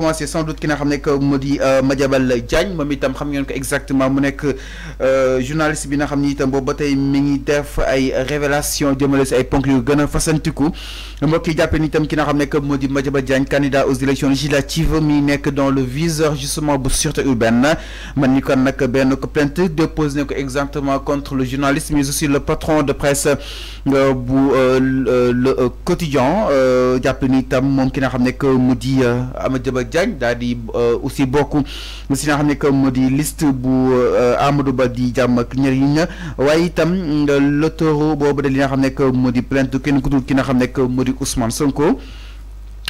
commencé sans doute ki nga xam que Modi euh, Madjabal Djagne Diagne tam itam xam ngeen ko exactement mu nek euh, journaliste bi nga xam ni itam boobu mi ngi def ay révélations jëmale ay ponk yu gëna a fasantiku mbokk yi jàppee ni tam ki nga xam ne que moo di Madiambal candidat aux élections législatives mi nek dans le viseur justement bu sûreté urbaine man ni kon nak ben ko plainte déposé exactement contre le journaliste mais aussi le patron de presse euh, bu le quotidien jappé ni tam mom ki nga xam que mu Diagne daal di euh, aussi bokk si nga xam ne que moo di liste bu euh, Amadou Ba di jàmm ak ñëriñ waaye itam euh, le toro boobu de li nga xam ne que moo di plainte kenn ku dul ki nga xam ne que moo di Ousmane Sonko.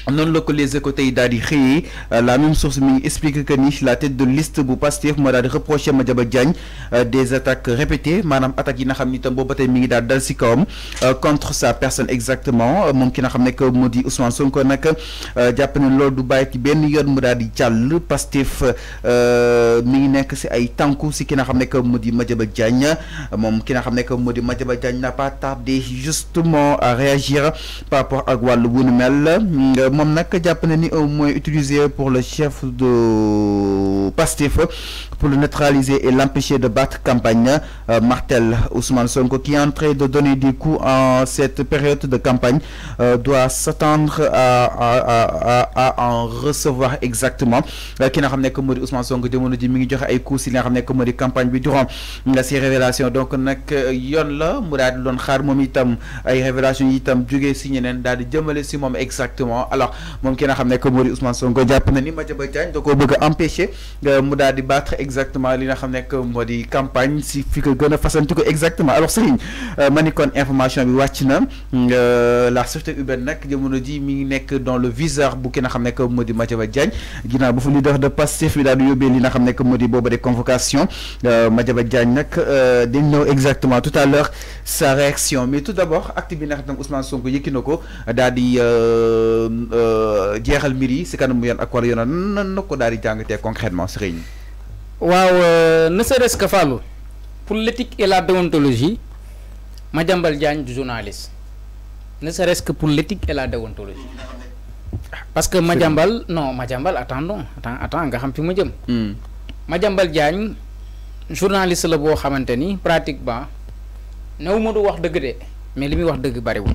non le ko les échos di euh, la même source m'explique que ni la tête de liste bu Pastef moo daal reproché Madiambal Diagne euh, des attaques répétées madame attaque yi pas mis un itam boobu ba mi ngi dal euh, contre sa personne exactement mon ki n'a pas mis que moo Ousmane Sonko n'a jàpp ne loolu du bàyyi ci benn yoon mu daal di jàll Pastef mi ngi nekk si ay tànku si ki n'a xam que Modi di Madiambal Diagne moom ki n'a xam que Modi di Diagne n'a pas tardé justement à réagir par rapport ak wàllu wu mel mom nak jàpp na ni au moyen utilisé pour le chef de Pastef pour le neutraliser et l'empêcher de battre campagne euh, martel Ousmane Sonko qui est en train de donner des coups en cette période de campagne euh, doit s'attendre à à à à en recevoir exactement Qui euh, n'a ramené que moo Ousmane Sonko jamono ji mi joxe ay coups si li nga que nekk campagne bi durant ces révélations donc on yoon la mourad daal di doon xaar moom itam ay révélations itam jógee si ñeneen dal di si mom exactement alors moom ki n'a xam ne que Ousmane Sonko jàpp na ni Madiambal Diagne da koo bëgg a empêcher euh, mu daal di battre exactement li n'a xam ne que moo di campagne si fi ko gën a fasanti exactement alors Serigne euh, ma ni information bi wàcc na euh, la sûreté urbaine nag jamono ji mi ngi nekk dans le viseur bu ki nga xam ne que moo di Madiambal Diagne ginnaaw bu fa leader de Pastef bi daal di yóbbee li nga xam ne que moo di booba de convocation Madiambal Diagne nag dañ ñëw exactement tout à l'heure sa réaction mais tout d'abord acte bi nga xam Ousmane Sonko yëkki na ko daal di Euh, jeexal mbir yi si kanam yoon ak wàllu yoon nan na ko daal di jàngatee concrètement sëriñ waaw euh, ne serait-ce que Fallou pour l'éthique et la déontologie ma Diagne du journaliste ne serait que pour l'éthique et la déontologie parce que Madiambal non Madiambal attendons attends attends nga xam fi ma jëm hmm. Madiambal Diagne journaliste la boo xamante ni pratiquement new ma du wax dëgg de mais li muy wax dëgg bariwul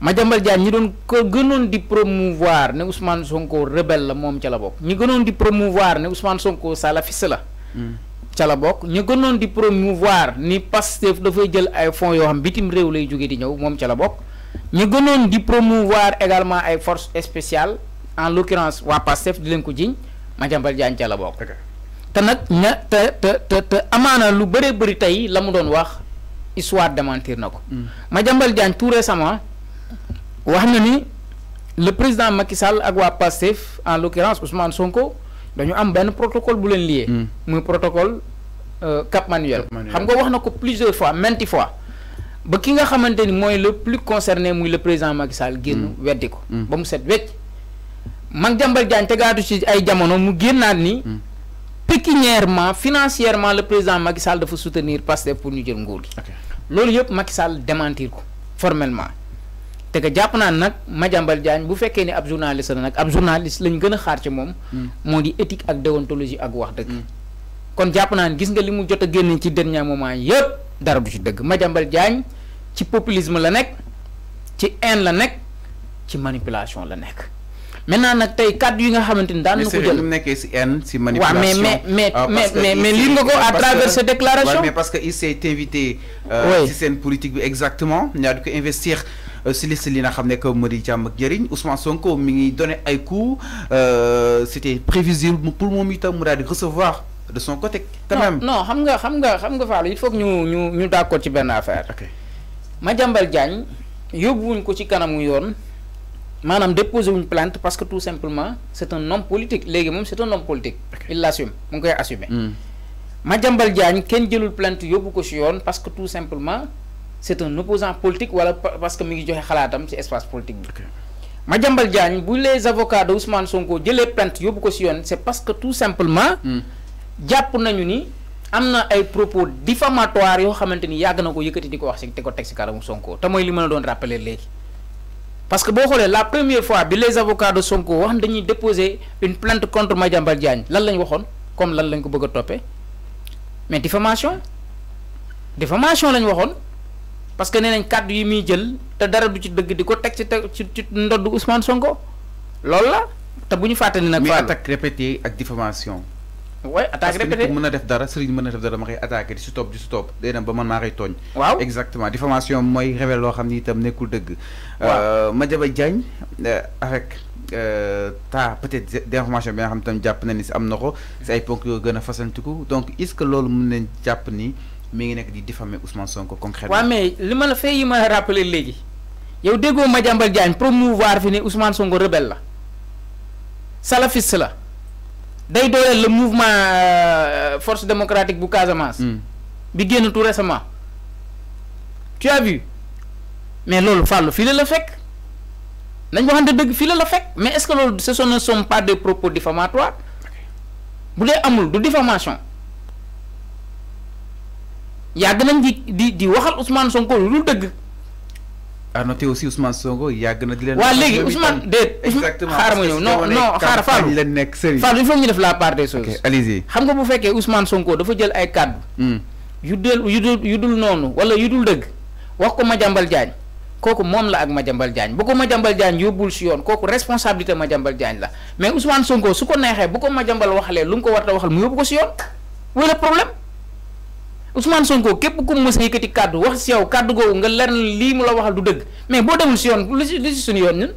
Madiambal Diagne ñi doon ko gënoon di promouvoir ne Ousmane Sonko rebelle la moom ca la bokk ñi gënoon di promouvoir ne Ousmane Sonko salafiste la hmm. ca la bokk ñu gënoon di promouvoir ni Pastef dafay jël ay fonds yoo xam bitim réew lay jóge di ñëw moom ca la bokk ñu gënoon di promouvoir également ay forces spéciales en l'occurrence waa Pastef di leen ko jiñ Madiambal Diagne ca la bokk te nag ña te te te te amaana lu bëree bëri tey la mu doon wax histoire démentir na ko hmm. tout récemment wax na ni le président Macky Sall ak waa Pastef en l'occurrence Ousmane Sonko dañu am benn protocole bu leen lié. Hmm. muy protocole euh, Cap Manuel. xam nga wax na ko plusieurs fois maintes fois ba ki nga xamante ni mooy le plus concerné muy le président Macky Sall. génn hmm. weddi ko. Hmm. ba mu set wecc mag jàmbal jaañ tegaatu ci ay jamono mu génnaat ni. pécuniairement financièrement le président Macky Sall dafa soutenir Pastef pour ñu jël nguur gi. loolu yëpp Macky Sall démentir ko formellement. te que jàpp naa nag majambal Diagne bu fekkee ne ab journaliste la nag ab journaliste lañu gën a xaar ci moom. Mm. moo di étique ak déontologie ak wax dëgg. Mm. kon jàpp naa ne gis nga li mu jot a génne ci dernier moment yëpp dara du ci dëgg majambal Diagne ci populisme la nekk ci haine la nekk ci manipulation la nekk. maintenant nag tey kàddu yi nga xamante ni daan na ko jël mais nekkee si si manipulation. mais mais ah, mais mais mais lire nga ko à travers déclaration. mais parce que il s'est invité. si euh, seen politique bi exactement ñaa di ko investir. si li nga xamné que moo di jàmm ak njëriñ Ousmane Sonko mi ngi donné ay coups euh, c'était prévisible pour mon itam mu daal recevoir de son côté. quand même non xam nga xam nga xam nga fall il faut que ñu ñu ñu d'accord ci ben affaire. ok Madiambal Diagne yóbbuwuñ ko ci kanamu yoon manam déposer wuñ plainte parce que tout simplement c'est un homme politique légui mom c'est un homme politique. il l'assume on va koy assumer. jambal hmm. Diagne ken jëlul plainte yobbu ko ci yoon parce que tout simplement c'est un opposant politique wala parce que mi ngi joxe c'est ci espace politique ma Diagne les avocats de Ousmane Sonko les plainte yóbbu ko ci c'est parce que tout simplement. Hmm. japp nañu ni amna ay propos diffamatoires yo xamanteni yag yàgg na ko wax ci te ko teg ci Sonko te moy li ma doon rappeler léegi. parce que bo xolé la première fois bi les avocats de Sonko wax dañuy déposer une plainte contre Madiambal Diagne lan lañ waxoon comme lan lañ ko bëgg topé mais diffamation diffamation lañ waxoon. parce que nee nañ kàddu yi muy jël te dara du ci dëgg di ko teg ci teg ci ci ndoddu Ousmane Sonko loolu la te bu ñu fàttali nag. mais attaque répétée ak diffamation. oui attaque répétée parce que mën a def dara sëriñ mën a def dara ma koy attaqué si topp di si topp ba man maa koy tooñ. waaw exactement diffamation mooy révèle loo xam ni itam nekkul dëgg. waaw euh, Madiambal Diagne euh, avec euh, ta peut-être d'information bi nga xam itam jàpp na ni si am na ko si ay ponk yoo gën a fasantiku donc est-ce que loolu mën nañ jàpp nii il ngi a di diffamer Ousmane Sonko concrètement. Oui, mais li ma la fay yi ma rappelé léegi yow déggoo Madiambal Diagne promouvoir fi Ousmane Sonko rebelle la salafiste la day le mouvement euh, force démocratique bu Casamance. Hmm. bi génn tout récemment. tu as vu mais loolu fàllu fii la la fekk nañ waxante dëgg fii mais est-ce que ce ne sont pas des propos diffamatoires bu dee amul du diffamation. yàgg nañ di di di waxal Ousmane Sonko lu dëgg. à noter aussi Ousmane Sonko yàgg na di leen. waa léegi Ousmane déet. exactement xaar ma ñëw non non xaar Fallou Fallou il faut ñu def la part des choses. allez-y xam nga bu fekkee Ousmane Sonko dafa jël ay kàddu. Hmm. yu del yu dul yu dul noonu wala yu dul dëgg wax ko ma jàmbal jaañ kooku moom la ak Madiambal Diagne bu ko ma jàmbal Diagne yóbbul si yoon kooku responsabilité jàmbal Diagne la mais Ousmane Sonko su ko neexee bu ko ma jàmbal waxalee lu mu ko war waxal mu yóbbu ko si yoon wala problème. Ousmane Sonko képp ku mës a yëkkati kàddu wax si yow kàddu googu nga leer lii mu la waxal du dëgg mais boo demul si yoon lu si lu si suñu yoon ñun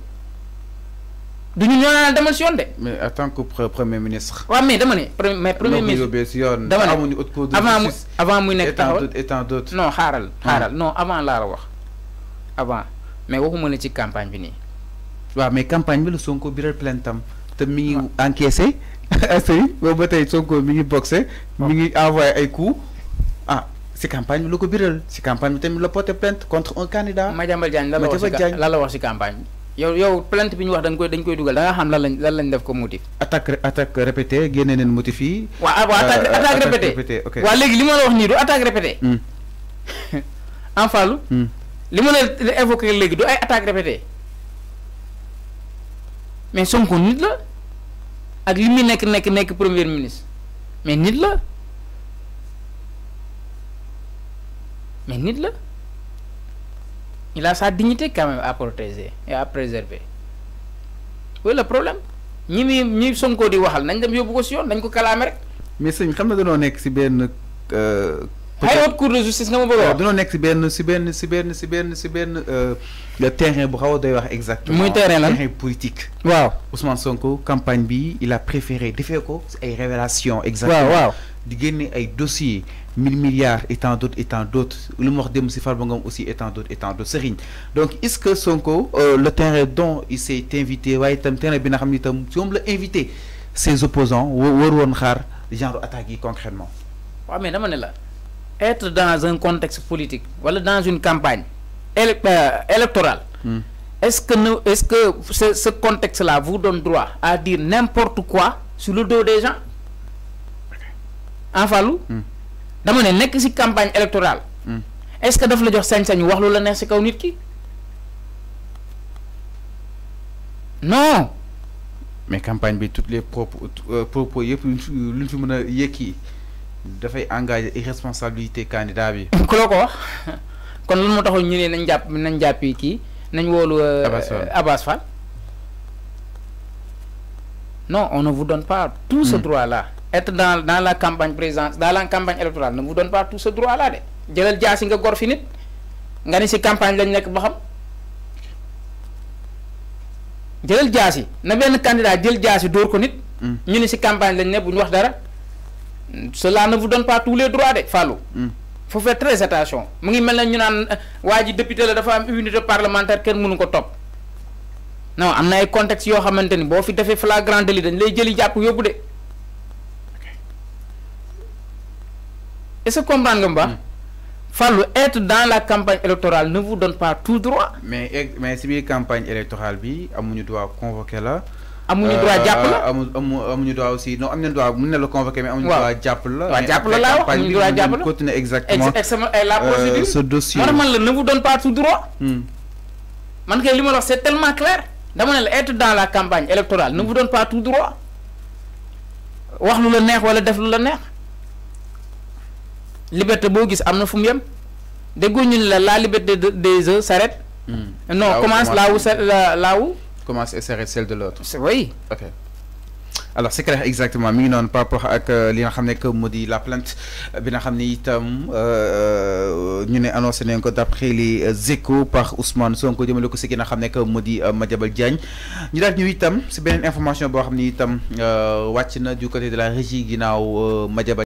du ñu ñoo naan demal si yoon de. mais en tant que premier ministre. waaw mais dama ne. mais premier ministre dama ne xaaral ah. xaaral non avant laa la wax avant mais waxuma ne ci campagne bi nii. waaw mais campagne bi la Sonko biral plainte am te mi ngi encaissé. assaini boobu ba Sonko mi ngi boxé mi ngi envoyé ay coups. si campagne bi ko biral si campagne bi tamit la porter plainte contre un candidat. Madiambal Diagne la la wax si la la wax si campagne yow yow plainte bi ñu wax dañ koy dañ koy dugal da nga xam lan lañ lan lañ def ko motif. attaque attaque répétée génne neen motif yi. waaw waaw euh, euh, attaque attaque répétée ok waaw léegi li ma wax nii du attaque répétée. Hmm. en fallu. Hmm. li ma la évoqué léegi du ay attaque répétée mais Sonko nit la ak li muy nekk nekk premier ministre mais nit la. nit la il a sa dignité quand même à protéger et à préserver oui le problème ñi muy ñi Sonko di waxal nañ dem yóbbu ko si yoon nañ ko calamer mais sëñ xam na dañoo nekk si euh hay haute cour de justice nga ma bëgg a wax. dañoo nekk si benn si benn si benn si benn si le euh, terrain bu xaw doy wax exactement. muy terrain lan terrain politique. waaw Ousmane Sonko campagne bi il a préféré defee ko ay révélations exactement waaw waaw di génne ay dossiers mille milliards étant d'autres étant d'autres Le mort de M. aussi étant d'autres étant tant d'autres rien. donc est-ce que Sonko euh, le terrain dont il s'est invité être un terrain bi nga s'est invité ses opposants war won xaar genre concrètement wa mais dama la être dans un contexte politique dans une campagne euh, électorale hmm. est-ce que est-ce que ce contexte là vous donne droit à dire n'importe quoi sur le dos des gens en fàllu hmm. dama ne nek ci campagne électorale hmm. est-ce que daf la jox sañ sañ wax lu la neex ci kaw nit ki non mais campagne bi toutes les propos euh, propos yëpp luñ fi mën a yëkki dafay engagé irresponsabilité candidat bi ku la ko wax kon lan mo taxoon ñu ne nañ jàpp nañ jàppi kii nañ woolu euh, Abass Fall non on ne vous donne pas tout ce hmm. droit là être dans dans la campagne présidence dans la campagne électorale ne vous donne pas tout ce droit là de jëlal jaasi nga gor fi nit nga ni si campagne lañu nekk ba xam jëlal jaasi na benn candidat jël jaasi dóor ko nit. Hmm. ñu ni si campagne lañ ne bu ñu wax dara cela ne vous donne pas tous les droits de Fallou. Hmm. faut faire très attention mu ngi mel na ñu naan euh, waa ji député la dafa am immunité parlementaire kenn mënu ko topp. non am na ay contexte yoo xamante ni boo fi defee flagrant délit dañ lay jëli jàpp yóbbu de. est-ce que comprendre nga bu hmm. fallu être dans la campagne électorale ne vous donne pas tout droit. mais eh, mais si une campagne électorale bi amuñu droit là. la. amuñu droit euh, jàpp la euh, amu amu droit aussi non am nañu droit mun na la convoquer mais amuñu droit jàpp la. waaw là, la laa wax droit jàpp la continuer exactement. la euh, procédure ce dossier. Normal. la ne vous donne pas tout droit. Hmm. man kay li wax c'est tellement clair dama être dans la campagne électorale ne vous donne pas tout droit wax lu la neex wala def lu la neex liberté bo gis amna la liberté des s'arrête. Hmm. non commence là où commence et s'arrête celle de l'autre. oui. ok alors c'est clair exactement mi ngi par rapport ak euh, li nga que la plainte bi nga euh, ñu né annoncé d'après les euh, échos par Ousmane Sonko ko que modi Diagne ñu dal ñu itam benen information bo xamné itam du côté de la régie Madjabal